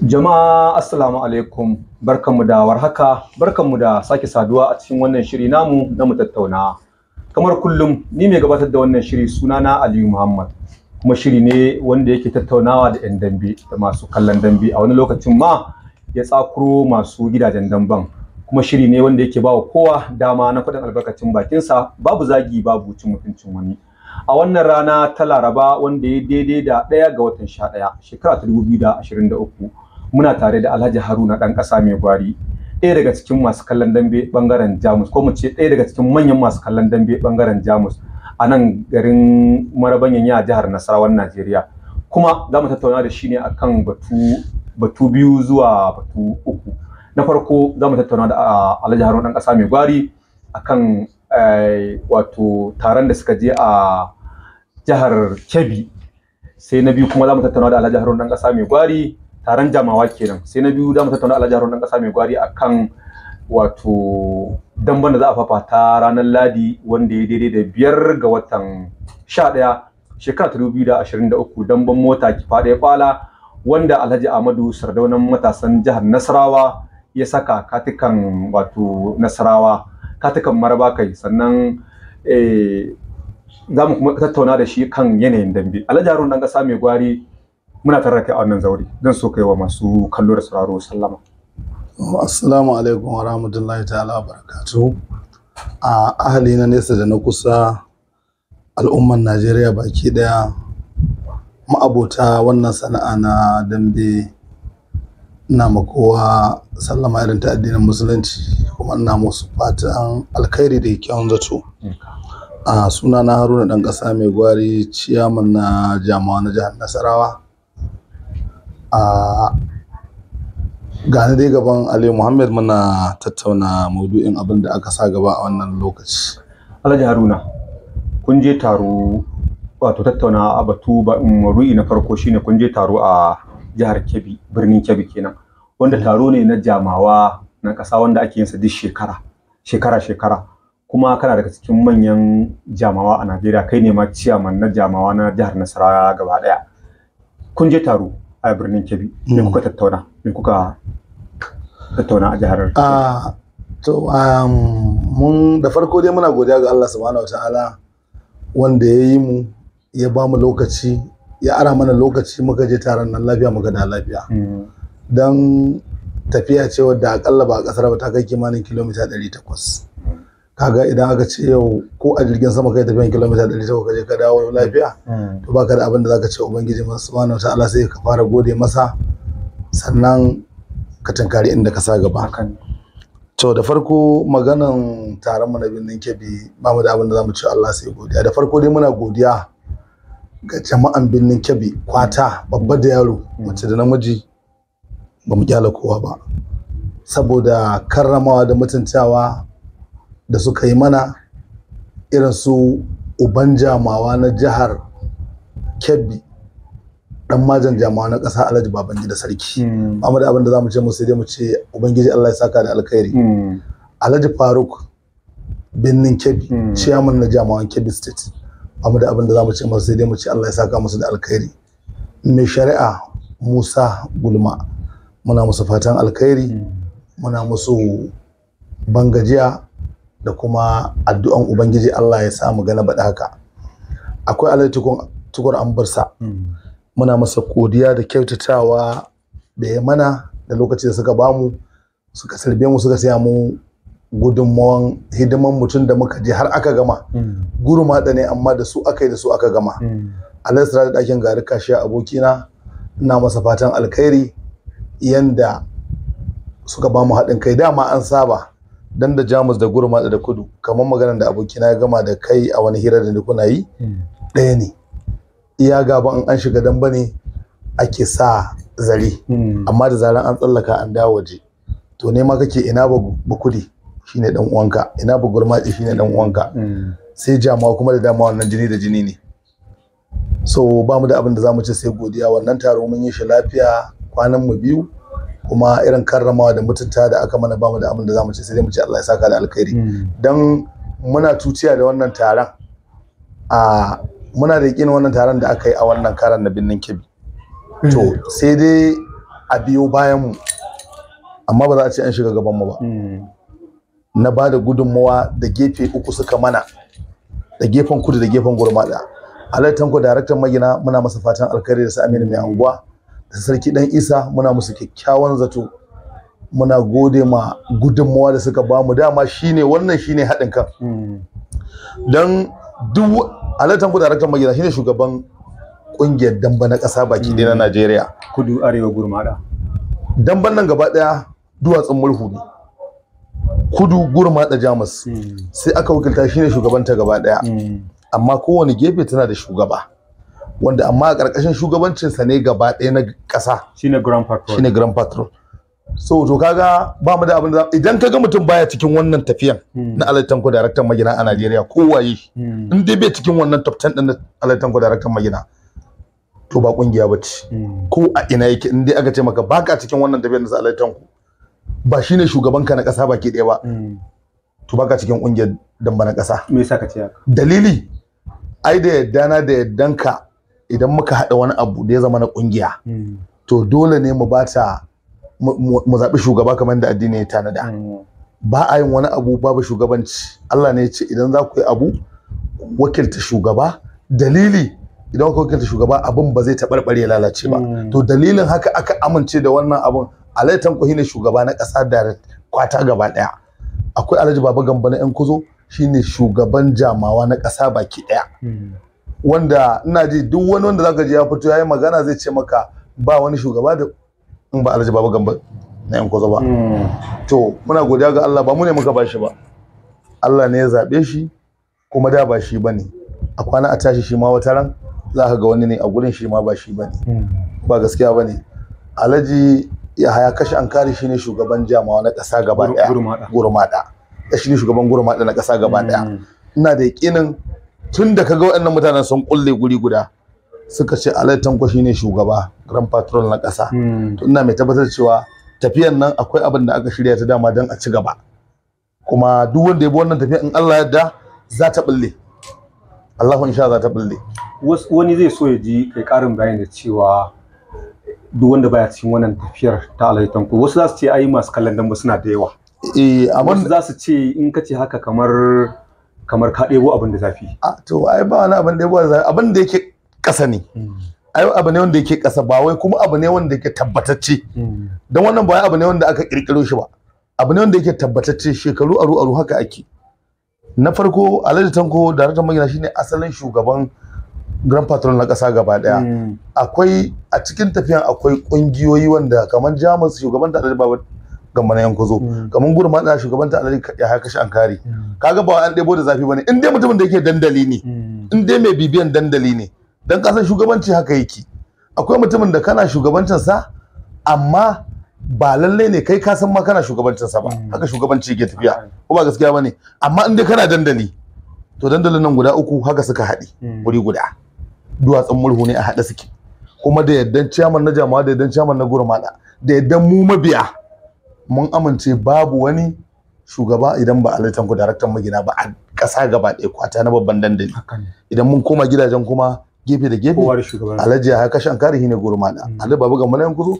Jama'a assalamu alaikum barkanmu da warhaka barkanmu da sake saduwa a cikin wannan shiri namu na mu tattauna kamar kullum ni mai gabatar da wannan shiri sunana Aliyu Muhammad kuma shiri ne wanda yake tattaunawa da 'yan dambe da masu kallon dambe a wani lokacin ma ya tsakuro masu gidajen damben kuma shiri ne wanda yake bawa kowa dama na faɗin albarkacin bakinsa babu zagi babu cin mutuncin wani a wannan rana ta laraba wanda ya daidai da ɗaya ga watan sha ɗaya shekara ta dubu biyu da ashirin da uku muna tare da Alhaji Haruna dan kasa mai gwari ɗaya daga cikin masu kallon dambe bangaren Jamus ko mu ce ɗaya daga cikin manyan masu kallon dambe bangaren Jamus a nan garin Marabanyan ya jihar Nasarawan Najeriya kuma za mu tattauna da shi ne akan batu batu biyu zuwa batu uku na farko za mu tattauna da ah, Alhaji Haruna dan ƙasa mai gwari akan eh, wato taron da suka je a jihar Kebbi sai na biyu kuma za mu tattauna da Alhaji Haruna dan ƙasa mai gwari taron jamawa kenan sai na biyu da mu tattauna alhaji dan kasa mai gwari akan wato damban da za a fafata ranar ladi wanda ya daidai da biyar ga watan sha ɗaya shekara ta dubu da ashirin da uku damban mota kifa ya kwala wanda alhaji ahmadu sardaunan matasan jihar nasarawa ya saka katikan wato nasarawa katikan maraba kai sannan eh, za mu kuma tattauna da shi kan yanayin dambe alhaji harun ɗan ƙasa mai gwari muna tare kai a wannan zauri zan so kai wa masu kallo da sauraro sallama assalamu alaikum wa rahmatullahi ta'ala wa barakatu a ahali na nesa da na kusa al'umman Najeriya baki daya ma'abota wannan sana'a na dambe ina ma sallama irin ta addinin musulunci kuma ina musu fatan alkhairi da kyakkyawan zato a suna na haruna dan kasa mai gwari ciyaman na jama'a na jihar nasarawa a gani dai gaban Ali Muhammad muna tattauna maudu'in abin da aka sa gaba a wannan lokaci. Alhaji Haruna, kun je taro wato tattauna a batu maudu'i na farko shine kun je taro a jihar Kebbi, birnin Kebbi kenan. Wanda taro ne na jamawa na ƙasa wanda ake yin duk shekara, shekara-shekara. Kuma kana daga cikin manyan jamawa a Najeriya kai ne ma ciyaman na jamawa na jihar Nasarawa gaba ɗaya. Kun je taro, a birnin Kebbi me hmm. kuka tattauna me kuka tattauna a jihar ah, to um, mun da farko dai muna godiya ga Allah subhanahu wataala wanda ya yi mu ya ba mu lokaci ya ara mana lokaci muka je taron nan lafiya muka da lafiya hmm. Dan tafiya ce wadda akalla ba a kasar ba ta kai kimanin kilomita 800 kaga idan aka ce yau ko a jirgin sama kai tafiyan kilomita ɗari ta kaje ka dawo lafiya hmm. to baka da abin da zaka ce ubangiji subhanahu ta'ala sai ka fara gode masa sannan ka tunkari inda ka sa gaba to da farko maganan taron mu na binnin kebi ba mu da abin da zamu ce Allah sai godiya da farko dai muna godiya ga jama'an Birnin kebi kwata babba da yaro hmm. mace da namiji ba mu kyala kowa ba saboda karramawa da mutuntawa da suka yi mana irin su uban jamawa na jihar kebbi dan majan jamawa na kasa alhaji babangida sarki amma da abin da za mu ce mu sai dai mu ce ubangiji allah ya saka da alkhairi hmm. alhaji faruk binnin kebbi hmm. chairman na jamawan kebbi state amma da abin da za mu ce mu sai dai mu ce allah ya saka musu da alkhairi mai shari'a musa gulma muna musu fatan alkhairi hmm. muna musu bangajiya da kuma addu'an ubangiji Allah ya sa mu gana baɗa haka akwai alhaji tukur an barsa muna masa godiya da kyautatawa da ya mana da lokaci da suka bamu suka sarbe mu suka siya mu gudunmawan hidiman mutum da muka je har aka gama guruma da ne amma da su aka yi da su aka gama alhaji da ɗakin gari kashi a abokina ina masa fatan alkhairi yanda suka bamu haɗin kai dama an saba dan da jamus da gurma da kudu kamar maganar da abokina ya gama da kai a wani hira da kuna yi hmm. ɗaya ne iya gaba in an shiga dan ne ake sa zare hmm. amma da zaran an tsallaka an dawo waje to ne ma kake ina ba kudi shine dan uwanka ina ba gurmaci shine dan uwanka hmm. sai jamawa kuma da dama wannan jini da jini ne so ba mu da abin da zamu ci sai godiya wannan taro mun yi shi lafiya kwanan mu biyu kuma irin karramawa da mutunta da aka mana bamu da abin da zamu ci sai dai mu ci Allah ya saka da alkhairi hmm. dan muna tuciya da wannan taron a muna da yakin wannan taron da aka yi a wannan karan na binnin kibi hmm. to sai dai a biyo bayan mu amma ba za a ce an shiga gaban mu ba hmm. na ba da gudunmawa da gefe uku suka mana da gefen kudu da gefen gurmada halartan ku daraktan magina muna masa fatan alkhairi da su aminu mai anguwa da sarki dan isa muna musu kyakkyawan zato muna gode ma gudunmawa da suka ba mu dama shine wannan shine haɗin kan hmm. don duk alatan ku rakan magida shine shugaban kungiyar damba na ƙasa baki ɗaya na hmm. Najeriya kudu arewa gurmada damban nan gaba ɗaya duwatsun mulhu ne kudu gurmada jamus hmm. sai aka wakilta shine shugabanta gaba ɗaya amma kowane gefe tana da shugaba wanda amma a ƙarƙashin shugabancinsa ne gaba ɗaya na ƙasa shine grand patrol shine grand patrol so to kaga ba mu da abin da idan kaga mutum baya cikin wannan tafiyan hmm. na alaitan ko daraktan magina a Najeriya ko waye hmm. in dai bai cikin wannan top 10 din na alaitan ko daraktan magina to ba kungiya ce hmm. ko a ina yake in dai aka ce maka baka cikin wannan tafiyan na alaitan ku ba shine shugaban ka na ƙasa baki ɗaya ba to baka cikin kungiyar damba na ƙasa. me yasa ka ce haka dalili ai da yaddana da yaddanka idan muka haɗa wani abu da ya zama na ƙungiya to dole ne mu bata mu zaɓi shugaba kamar da addini ya tanada ba a yin wani abu babu shugabanci Allah ne ya ce idan za ku yi abu wakilta shugaba dalili idan ku wakilta shugaba abin ba zai taɓarɓare ya lalace ba hmm. to dalilin haka aka amince da wannan abin alaitan ku ne shugaba na ƙasa da kwata gaba ɗaya akwai alhaji baba gamba na yan kuzo shine shugaban jamawa na ƙasa baki ɗaya hmm. wanda ina ji duk wani wanda zaka ji ya fito yayi magana zai ce maka ba wani shugaba da in ba Alhaji Baba Gambo na yan kwazo ba hmm. to muna godiya ga Allah ba mu ne muka bashi ba Allah ne ya zabe shi kuma da ba shi bane a kwana a tashi shi ma wata ran za ka ga wani ne a gurin shi ma ba shi bane hmm. ba gaskiya bane Alhaji Yahaya Kashi Ankari shine shugaban jamawa na ƙasa gaba ɗaya gurmada shi ne shugaban gurmada na ƙasa gaba ɗaya ina da yakinin tun da kaga waɗannan mutanen sun kulle guri guda suka ce Alhaji Tanko shine shugaba Grand Patrol na ƙasa hmm. to ina mai tabbatar cewa tafiyan nan akwai abin da aka shirya ta dama don a ci gaba kuma duk wanda ya bi wannan tafiya in Allah ya yarda za ta bulle Allahu insha za ta bulle wani zai so ya ji kai karin bayani da cewa duk wanda baya cikin wannan tafiyar ta Alhaji Tanko wasu za su ce ai masu kallon dan suna da yawa eh amma za su ce in ka ce haka kamar kamar ka ɗebo abin da zafi a to ai ba wani abin da yabo zafi abin da yake ƙasa ne hmm. ai abu ne wanda yake ƙasa ba wai kuma abu ne wanda yake tabbatacce hmm. don wannan ba abu ne wanda aka kirkiro shi ba abu ne wanda yake tabbatacce shekaru aru aru haka ake na farko alhaji tanko daraktan Magina shine asalin shugaban grand patron na ƙasa gaba daya hmm. akwai a cikin tafiyan akwai ƙungiyoyi wanda kamar jamus shugaban da alhaji gamba na yanko zo hmm. kamar gurma da shugaban ta alari ya hmm. haka shi an kare kaga ba an debo da zafi bane in dai mutumin da yake dandali ne hmm. in dai mai bibiyan dandali ne dan san shugabanci haka yake akwai mutumin da kana shugabancin sa amma ba lallai ne kai ka san ma kana shugabancin sa ba haka shugabanci yake tafiya ko ba gaskiya bane amma in dai kana dandali to dandalin nan guda uku haka suka haɗe wuri guda duwatsun murhu ne a haɗe suke kuma da yaddan ciyaman na jama'a da yaddan ciyaman na gurmada da yaddan mu mabiya mun amince babu wani shugaba idan ba alitan ku daraktan magina ba a ƙasa gaba ɗaya kwata na babban dandali idan mun koma gidajen kuma gefe da gefe alhaji ya haka shankari shine gurmana mm. alhaji babu ga mulayan kudu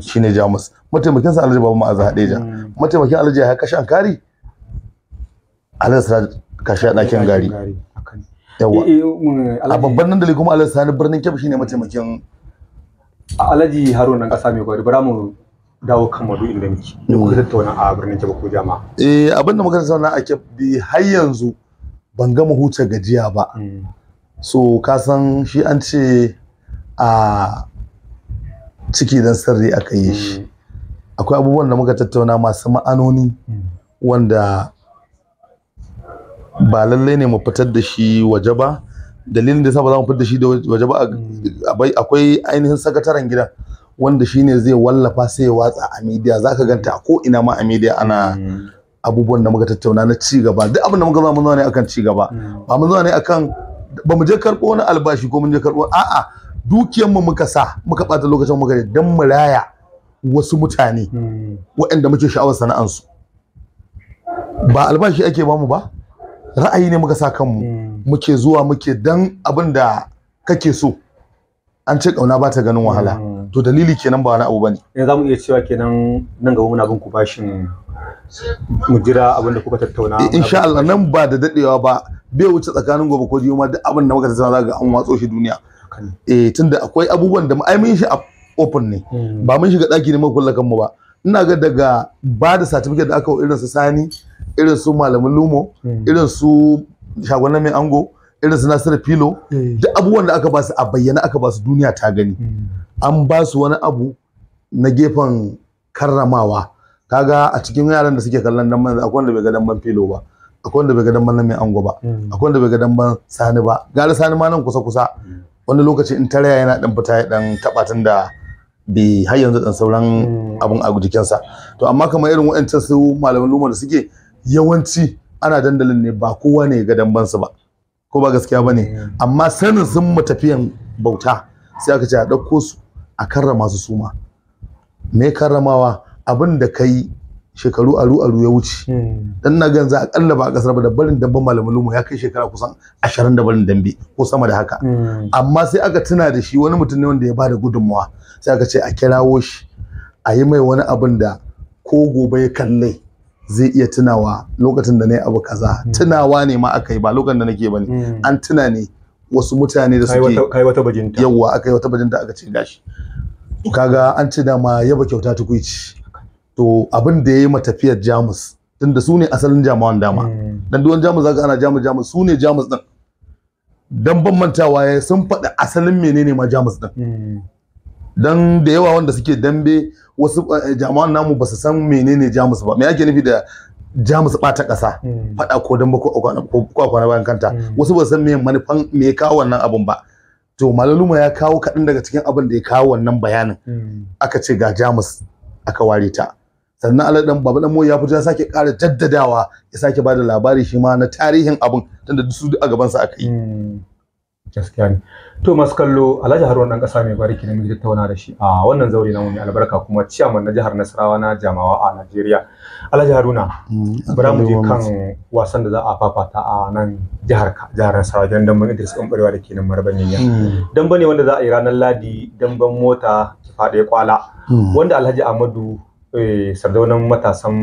shine jamus mataimakin sa alhaji babu ma'aza hadeja mm. mataimakin alhaji ya haka shankari alhaji sa kashi a ɗakin gari yawa eh, eh, a babban dandali kuma alhaji sani birnin kyau shine mataimakin alhaji haruna ƙasa mai gwari bara mu dawo kan maudu'in da muke da kuka mm. tattauna a birnin Kebbi ko jama'a eh abin da muka tattauna a Kebbi har yanzu ban gama huta gajiya ba mm. so ka san shi an ce a ciki dan sirri aka yi shi mm. akwai abubuwan da muka tattauna masu ma'anoni wanda ba lallai ne mu fitar da shi waje ba dalilin da yasa ba za mu fitar da shi waje ba akwai ainihin sakataren gidan wanda shine zai wallafa sai ya watsa a media zaka ganta ko ina ma a media ana mm. abubuwan da muka tattauna na ci gaba duk abin da muka zama mun ne akan ci gaba mm. ba mun zo ne akan ba mu je karbo wani albashi ko mun je karbo? a'a dukiyar mu muka sa muka bata lokacin muka dan mu raya wasu mutane mm. waɗanda muke sha'awar su ba albashi ake ba mu ba ra'ayi ne muka sa kanmu muke zuwa muke dan abin da kake so an ce kauna ba ta ganin wahala to dalili kenan ba wani abu bane eh za mu iya cewa kenan nan gaba muna bin ku bashin mu jira abin da kuka tattauna eh, insha Allah nan ba da dadewa ba bai wuce tsakanin gobe ko jiyo ma duk abin da muka za ga an watso shi duniya eh tunda akwai abubuwan da ai mun shi a open ne hmm. ba mun shiga daki ne mu kula kanmu ba ina ga daga ba da certificate da aka irin su sani irin su malamin lumo hmm. irin su shagonan mai ango irin su nasiru filo hmm. duk abubuwan da aka ba su a bayyana aka ba su duniya ta gani an ba su wani abu na gefen karramawa kaga a cikin yaran da suke kallon dan manzo akwai wanda bai ga dan ban filo ba akwai wanda bai ga dan ban mai ango ba hmm. akwai wanda bai ga dan ban sani ba gara sani ma nan kusa kusa hmm. wani lokaci in tare yana dan fita ya dan taba tun da bi har yanzu dan sauran hmm. abun a sa to amma kamar irin wa'ancan su malaman luma da suke yawanci ana dandalin ne ba kowa ne ga dan ba ko ba gaskiya bane amma sanin sun tafiyan bauta sai aka ce a dauko su a karrama su suma me karramawa abin da kai shekaru aru aru ya wuce hmm. dan na gan za a kalla ba a kasar ba da barin dabban malamin mu ya kai shekara kusan 20 da barin dambe ko sama da haka hmm. amma sai aka tuna da shi wani mutum ne wanda ya bada gudunmuwa sai aka ce a kirawo shi a yi mai wani abin da ko gobe ya kalle zai iya tunawa lokacin da na yi abu kaza hmm. tunawa ne ma aka yi ba lokacin da nake ba ne an tuna ne wasu mutane da suke kai wata bajinta yawa akai wata bajinta aka ce gashi to kaga an ce da ma yaba kyauta ta kuici to abin da yayi matafiyar Jamus tunda su ne asalin jamawan dama hmm. dan duwan Jamus zaka ana Jamus Jamus su ne Jamus din dan ban mantawa ya sun faɗi asalin menene ma Jamus din hmm. dan da yawa wanda suke dambe wasu eh, jamawan namu ba su san menene Jamus ba me yake nufi da jamus bata kasa mm. faɗa ko dan bako ko kwana bayan kanta mm. wasu ba san me manufan me ya kawo wannan abun ba to malaluma ya kawo kaɗan daga cikin abin da ya kawo wannan bayanin mm. aka ce ga jamus aka ware ta sannan ala dan baba dan ya fita ya sake ƙara jaddadawa ya sake bada labari shi ma na tarihin abun tunda su a gabansa aka yi gaskiya ne to masu kallo alhaji haruna dan kasa mai bariki na muke tattauna da shi a wannan zaure na mu mai albarka kuma ciyaman na jihar nasarawa na jamawa a najeriya alhaji haruna mm, bara mu je kan wasan da za a fafata a nan jihar jihar nasarawa dan damban idris barewa da ke nan marban yanya mm. dan ne wanda za a yi ranar ladi ban mota kifaɗe kwala mm. wanda alhaji ahmadu eh, sardaunan matasan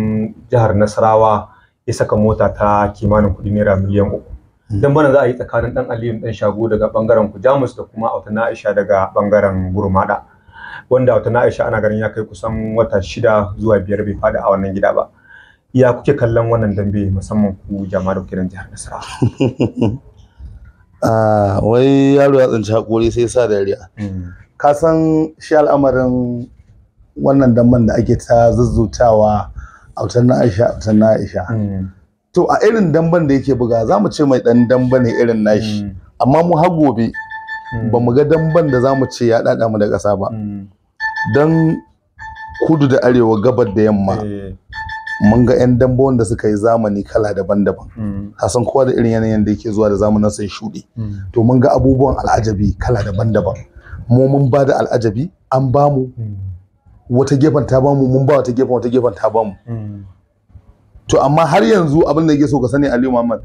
jihar nasarawa ya saka mota ta kimanin kuɗi naira miliyan uku Mm. dan bana za a yi tsakanin dan Aliyu dan Shago daga bangaren jamus da kuma Auta Aisha daga bangaren Gurmada wanda Auta Aisha ana ganin ya kai kusan wata shida zuwa biyar bai fada a wannan gida ba ya kuke kallon wannan dambe musamman ku jama'a da kiran jihar nasara. ah wai yaro ya tsinci hakuri sai sa dariya mm. ka san shi al'amarin wannan damban da ake ta zuzzutawa autar Aisha autar Aisha mm. to a irin damban da yake buga za mu ce mai dan damba ne irin nashi hmm. amma mu har gobe hmm. ba mu ga damban da za mu ce ya dada mu da ƙasa ba hmm. don kudu da arewa gabar da yamma eh. mun ga 'yan dambo wanda suka yi zamani kala daban-daban san kowa da irin yanayin da yake zuwa da zamanin sai shuɗe to mun ga abubuwan al'ajabi kala daban-daban mu mun ba da al'ajabi an ba mu wata gefen ta ba mu mun ba wata gefen wata gefen ta ba mu to amma har yanzu abin da yake so ka sani Aliyu Muhammad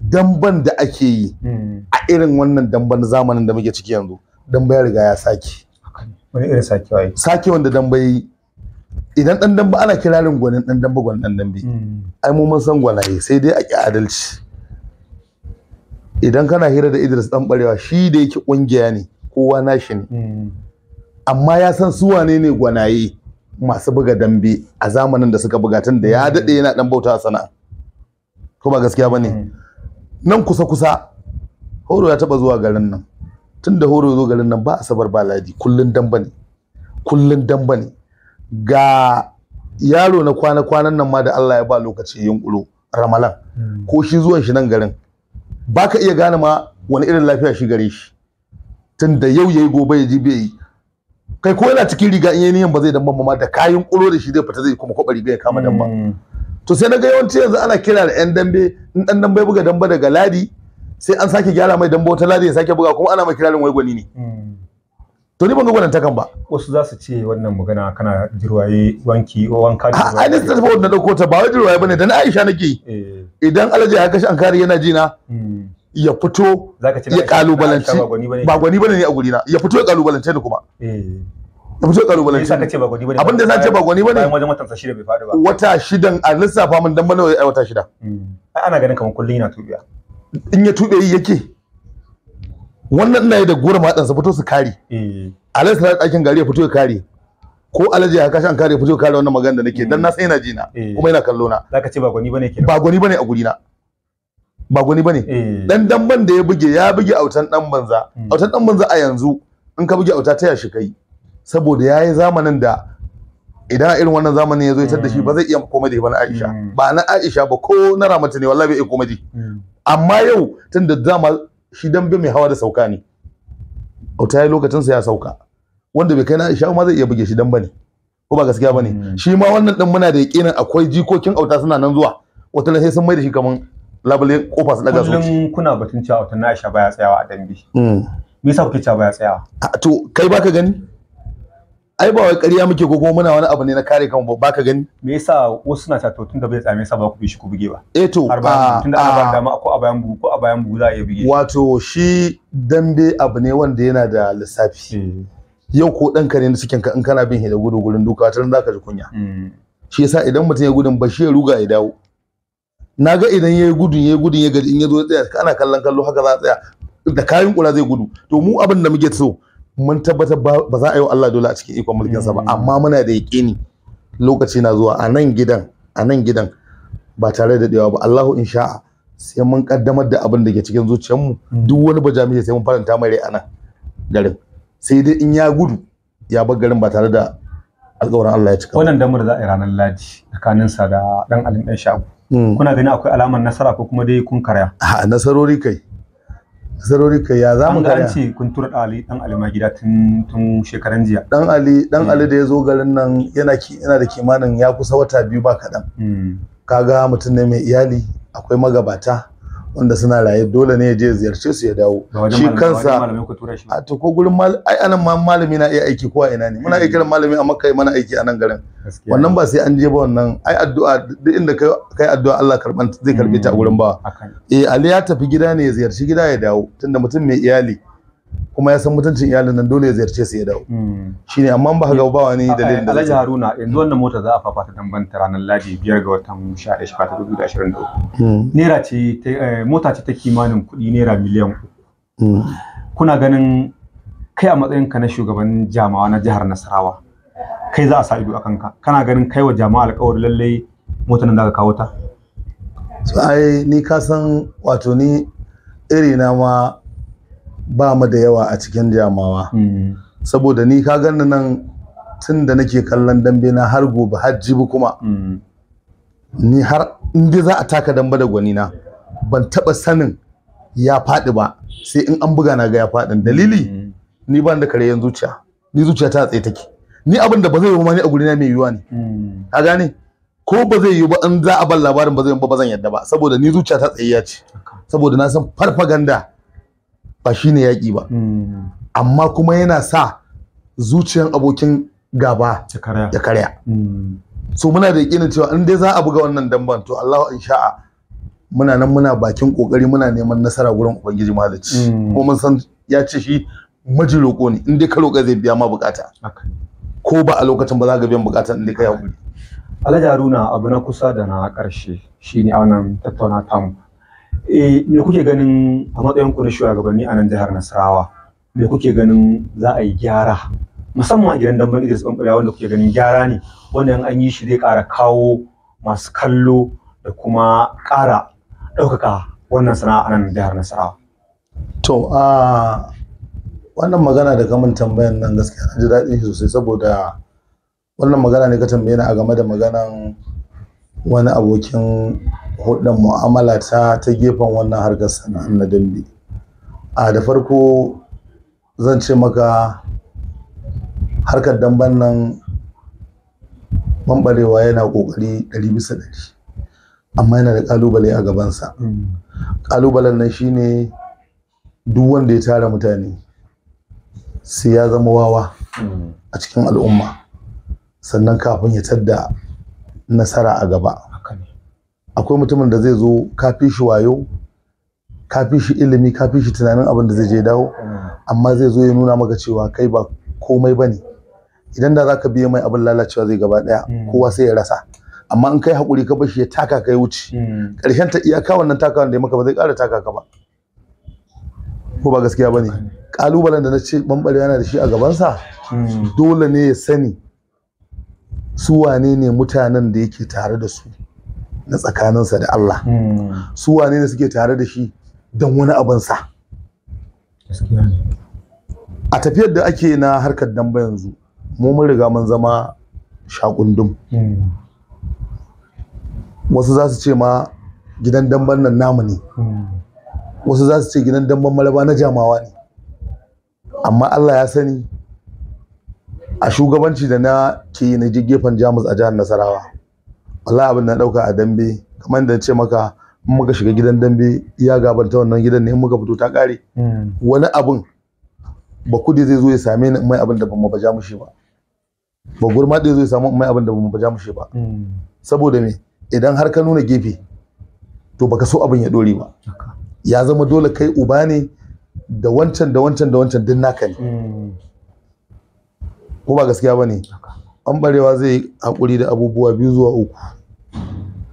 damban da ake yi hmm. a irin wannan damban zamanin da muke ciki yanzu damba ya riga ya sake wani irin sakewa yi sake wanda damba yi idan dan damba ana kirarin gwanin dan damba gwanin dan dambe hmm. ai mu mun san gwanaye sai dai a ki adalci idan kana hira da Idris dan barewa shi da yake kungiya ne kowa nashi ne hmm. amma ya san su wane ne gwanaye masu buga dambe a zamanin da suka buga tun da ya hmm. daɗe yana ɗan bauta sana'a ko ba gaskiya ba ne hmm. nan kusa kusa horo ya taɓa zuwa garin nan tun da horo zo garin nan ba asabar ba ladi kullun damba ne kullun damba ne ga yaro na kwana kwanan nan ma da Allah ya ba lokaci yunƙuro ramalan hmm. ko shi zuwan shi nan garin baka iya gane ma wani irin lafiya shi gare shi tun da yau yayi gobe ya ji bai yi kai ko yana cikin riga in yayi ba zai dan mamma da kayan kulo da shi zai fita zai kuma kwabari riga ya kama dan ba hmm. to sai naga yawanci yanzu ana kira da yan dambe in dan dambe buga damba daga ladi sai an sake gyara mai dambe wata ladi ya sake buga kuma ana mai kirarin wai gwani ne hmm. to ni ban ga gwanin takan ba wasu za su ce wannan magana kana jirwaye wanki o wanka da a ni ta ba wannan dauko ta ba wai jirwaye bane da na Aisha nake eh. idan Alhaji ya kashi an kare yana jina hmm. ya fito ya kalubalance eh. ba gwani bane ne a gurina ya fito ya kalubalance ni kuma ya fito ya kalubalance ni abin da zan ce ba gwani bane bayan wajen watan shida bai faɗi ba wata shidan a lissafa min dan bane ai wata shida hmm. ai ana ganin kamar kullun yana tubiya in ya tube yi yake wannan ina da gura ma sa fito su kare eh. alai sai ɗakin gari ya fito ya kare ko alaji ya kashi an kare fito ya kare wannan magana da nake dan na sai yana jina eh. kuma yana kallo na zaka ce ba gwani bane ba gwani bane a gudina. ba gwani bane eh. dan damban da ya buge ya buge autan dan banza hmm. autan dan banza a yanzu in ka buge auta ta shi kai saboda yayi zamanin da idan irin wannan zamanin ya zo ya da shi ba zai iya komai ba na Aisha hmm. ba na Aisha ba ko na Ramatu ne wallahi bai iya komai hmm. amma yau tunda dama shi dambe mai hawa da sauka ne auta ya lokacin sa ya sauka wanda bai kai na Aisha ma zai iya buge shi dan bane ko ba gaskiya bane shi ma wannan din muna da yakinin akwai jikokin auta suna nan zuwa wata sai sun mai da shi kaman labule kofa su daga su kuna batun cewa wata na baya tsayawa a dambe hmm. me yasa kuke cewa baya tsayawa to kai baka gani ai ba wai ƙarya muke ko kuma muna wani abu ne na kare kanmu ba baka gani me yasa wasu suna to tunda bai tsame sa ba ku bi shi ku buge ba eh to tunda ana ba dama ko a bayan bugu ko a bayan bugu za a iya buge wato shi dambe abu ne wanda yana da lissafi eh. yau ko kare ne suke ka in kana bin hidagudu da gurin duka wata za ka ji kunya hmm. shi yasa idan mutum ya gudun ba shi ya ruga ya dawo na ga idan ya yi gudun ya yi gudun ya gaji in ya zo ya tsaya ana kallon kallo haka za a tsaya da kayan kula zai gudu to mu abin da muke so mun tabbatar ba za a yi wa Allah dole a cikin ikon mulkin sa ba mm. amma muna da yaƙini lokaci na zuwa a nan gidan a nan gidan ba tare da daewa ba Allahu insha'a sai mun kaddamar da abin da ke cikin mu. Mm. duk wani bajamiya sai mun faranta mai rai a nan garin sai dai in ya gudu ya bar garin ba tare da alƙawarin Allah ya cika wannan damar za a yi ranar ladi tsakanin sa da dan alim ɗan shago Hmm. kuna ganin akwai alamar nasara ko kuma dai kun karya a nasarori kai nasarori kai ya za mu an ce kun tura dan ali dan ali ma gida tun tun shekaran jiya dan ali dan hmm. ali da ya zo garin nan yana yana da kimanin ya kusa wata biyu ba kaɗan hmm. kaga mutum ne mai iyali akwai magabata wanda suna raye dole ne ya je ziyarce su ya dawo shi kansa a to ko gurin ai anan ma malami na iya aiki ko a ina ne muna aiki da malami a makai mana aiki a nan garin wannan ba sai an je ba wannan ai addu'a duk inda kai kai addu'a Allah karban zai karbe ta hmm. gurin ba eh Ali ya tafi gida ne ya ziyarci gida ya dawo tunda mutum mai iyali kuma ya san mutuncin iyalin nan dole ya ziyarce su ya dawo hmm. shine amma ba ka ga ba wani eh, dalilin da Alhaji Haruna yanzu wannan mota za a ta dan banta ranar Ladi biyar ga watan 11 shekara 2023 hmm. naira ce eh, mota ce ta kimanin kuɗi naira miliyan uku hmm. kuna ganin kai a matsayin ka na shugaban jama'a na jihar Nasarawa kai za a sa ido akan ka kana ganin kai wa jama'a alƙawari lallai motar nan za ka kawo ta ai ni ka san wato ni irina ma ba mu da yawa a cikin jamawa hmm. saboda ni ka ganni nan tun da nake kallon dambe na har gobe har jibi kuma hmm. ni har in za a taka dambe da gwani na ban taba sanin ya faɗi ba sai in an buga na ga ya faɗin dalili hmm. ni ban da kare yanzu zuciya ni zuciya ta tsaye take ni abin da ba zai yi ma ni a guri na mai yiwuwa ne ka gane ko ba zai yi ba in za a bar labarin ba zai ba zan yadda ba saboda ni zuciya ta tsaye ya ce saboda na san farfaganda ba shi ne yaƙi ba hmm. amma kuma yana sa zuciyan abokin gaba ya karya hmm. so muna da yakinin cewa in dai za a buga wannan damban to Allahu sha'a muna nan muna bakin kokari muna neman nasara gurin ubangiji malici hmm. Ko mun san ya ce shi maji roƙo ne in dai ka roƙa zai biya ma bukata ko ba a lokacin ba za ka biyan bukata in dai ka haƙuri. Alhaji Haruna abu na kusa da na ƙarshe shine a wannan tattauna tamu eh me kuke ganin a matsayin ku na shugabanni a nan jihar Nasarawa me kuke ganin za a yi gyara musamman a gidan da Idris Bambara wanda kuke ganin gyara ne wannan an yi shi zai ƙara kawo masu kallo da kuma ƙara ɗaukaka wannan sana'a a nan jihar Nasarawa to a wannan magana da gamin tambayan nan gaskiya an ji daɗin shi sosai saboda wannan magana ne ka tambaye ni a game da maganan wani abokin hudun mu'amala ta ta gefen wannan harkar sana'ar na dambe a da farko zan ce maka harkar damben nan bambarewa yana kokari ɗari bisa ɗari amma yana da ƙalubale a gabansa ƙalubalen nan shine duk wanda ya tara mutane sai ya zama wawa a cikin al'umma sannan kafin ya tadda nasara a gaba akwai mutumin da zai zo kafi shi wayo kafi shi ilimi kafi shi tunanin abin da zai je dawo amma zai zo ya nuna maka cewa kai ba komai bane idan da zaka biye mai abin lalacewa zai gaba daya hmm. kowa sai ya rasa amma in kai hakuri ka bashi ya taka kai wuce karshen hmm. ta iyaka wannan taka wanda ya maka ba zai kara taka ka ba ko ba gaskiya bane kalubalen hmm. da na ce bambare yana da shi a gabansa dole ne ya sani su wane ne mutanen da yake tare da su na tsakaninsa da Allah su wane ne suke tare da shi don wani abin sa a tafiyar da ake na harkar damba yanzu mu mun riga mun zama shakundum hmm. wasu za su ce ma gidan damban nan namu ne hmm. wasu za su ce gidan damban malaba na jamawa ne amma Allah ya sani a shugabanci da na ke na gefen jamus a jihar nasarawa wallahi abin na dauka a dambe kamar da ce maka in muka shiga gidan dambe ya gabanta wannan gidan ne in muka fito ta kare hmm. wani abin ba kudi zai zo ya same ni mai abin da ban baja mushi ba ba gurma zai zo ya samu mai abin da ban baja mushi ba hmm. saboda me idan har ka nuna gefe to baka so abin ya dore ba ya zama dole kai uba ne da wancan da wancan da wancan din naka ne hmm. ko ba gaskiya ba ne ɓamɓarewa zai hakuri da abubuwa biyu zuwa uku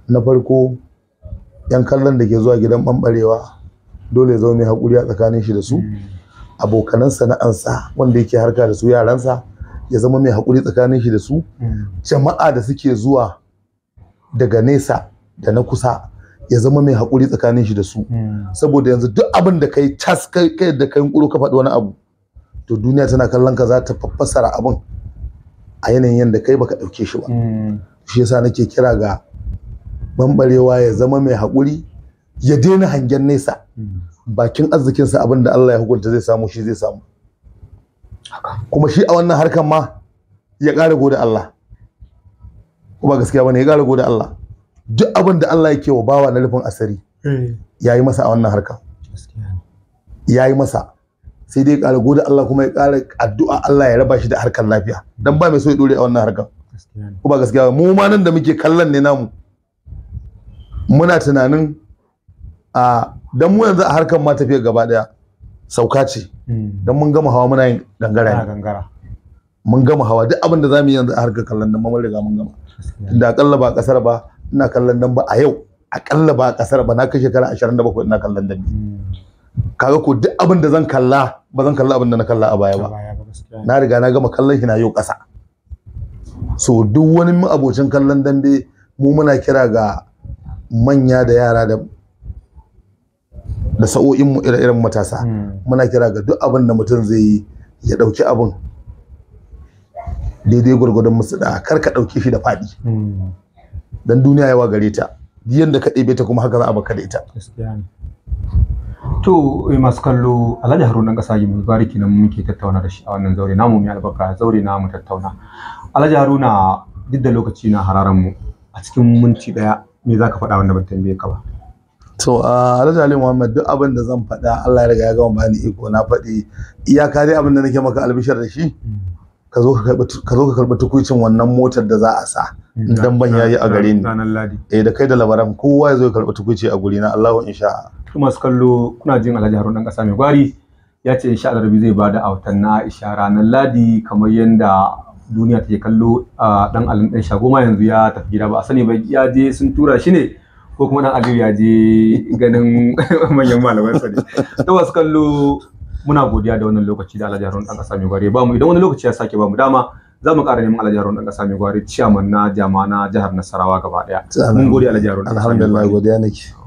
na farko yan kallon da ke zuwa gidan ɓanɓarewa dole ya zama mai hakuri a tsakanin shi da su abokanan sana'ansa wanda yake harka da su yaransa ya zama mai hakuri tsakanin shi da su jama'a da suke zuwa daga nesa da na kusa ya zama mai hakuri tsakanin shi da su saboda yanzu duk abin da kai tas kai da kai kuro ka faɗi wani abu to duniya tana kallon ka za ta fassara abin a yanayin yadda kai baka ɗauke shi ba mm. shi yasa nake kira ga bambarewa ya zama mai haƙuri ya daina hangen nesa mm. bakin arzikinsa abin da Allah ya hukunta zai samu shi zai samu kuma shi a wannan harkar ma ya ƙara gode Allah ba gaskiya bane ya ƙara gode Allah duk abin da Allah yake wa bawa na rufin asiri eh. yayi masa a wannan harkar gaskiya yayi masa sai dai ƙara gode Allah kuma ya kara addu'a Allah ya raba shi da harkar lafiya dan ba mai so ya dore a wannan harkar ko ba gaskiya mu ma nan da muke kallon ne namu muna tunanin a dan mu yanzu a harkar ma tafiya gaba daya sauka ce hmm. dan mun gama hawa muna yin gangara gangara mun gama hawa duk abin da za mu yi yanzu a harkar kallon dan mun riga mun gama da akalla ba kasar ba ina kallon dan ba a yau akalla ba kasar ba na kai shekara 27 ina kallon ne kaga ko duk abin da zan kalla ba zan kalla abin da na kalla a baya ba na riga na gama kallon shi na yau ƙasa so duk wani mu abocin kallon dambe mu muna kira ga manya da yara da da sa'o'in mu ire-iren matasa hmm. muna kira ga duk abin da mutum zai yi ya ɗauki abin daidai gwargwadon musu da kar ka ɗauke shi da faɗi hmm. dan duniya yawa gare ta yanda ka ɗebe ta kuma haka za a baka da ita To eh, masu kallo Alhaji Haruna Kasa yi bariki na muke tattauna da shi a wannan zaure namu mai albarka zaure namu tattauna. Alhaji Haruna duk da lokaci na hararan mu a cikin minti daya me zaka faɗa wanda ban tambaye ka ba. To Alhaji Ali Muhammad duk abin da zan faɗa Allah ya riga ya gama bani iko na faɗi iyaka dai abin da nake maka albishar da shi. Ka zo ka karɓi tukuicin wannan motar da za a sa. Mm. Dan ban yayi a gare ni. Eh da kai da labaran kowa ya zo ya karɓi tukuici a guri na Allahu insha masu kallo kuna jin Alhaji Harun dan kasa mai gwari ya ce insha Allah zai ba da autan na Aisha ranar Ladi kamar yanda duniya take kallo dan Alin dan shago ma yanzu ya tafi gida ba a sani ba ya je sun tura shi ne ko kuma dan Aliyu ya je ganin manyan malaman sa ne to masu kallo muna godiya da wannan lokaci da Alhaji Harun dan kasa mai gwari ba mu idan wani lokaci ya sake ba mu dama za mu ƙara neman Alhaji Harun dan kasa mai gwari ciyaman na jama'a na jihar Nasarawa gaba daya mun gode Alhaji Harun alhamdulillah godiya nake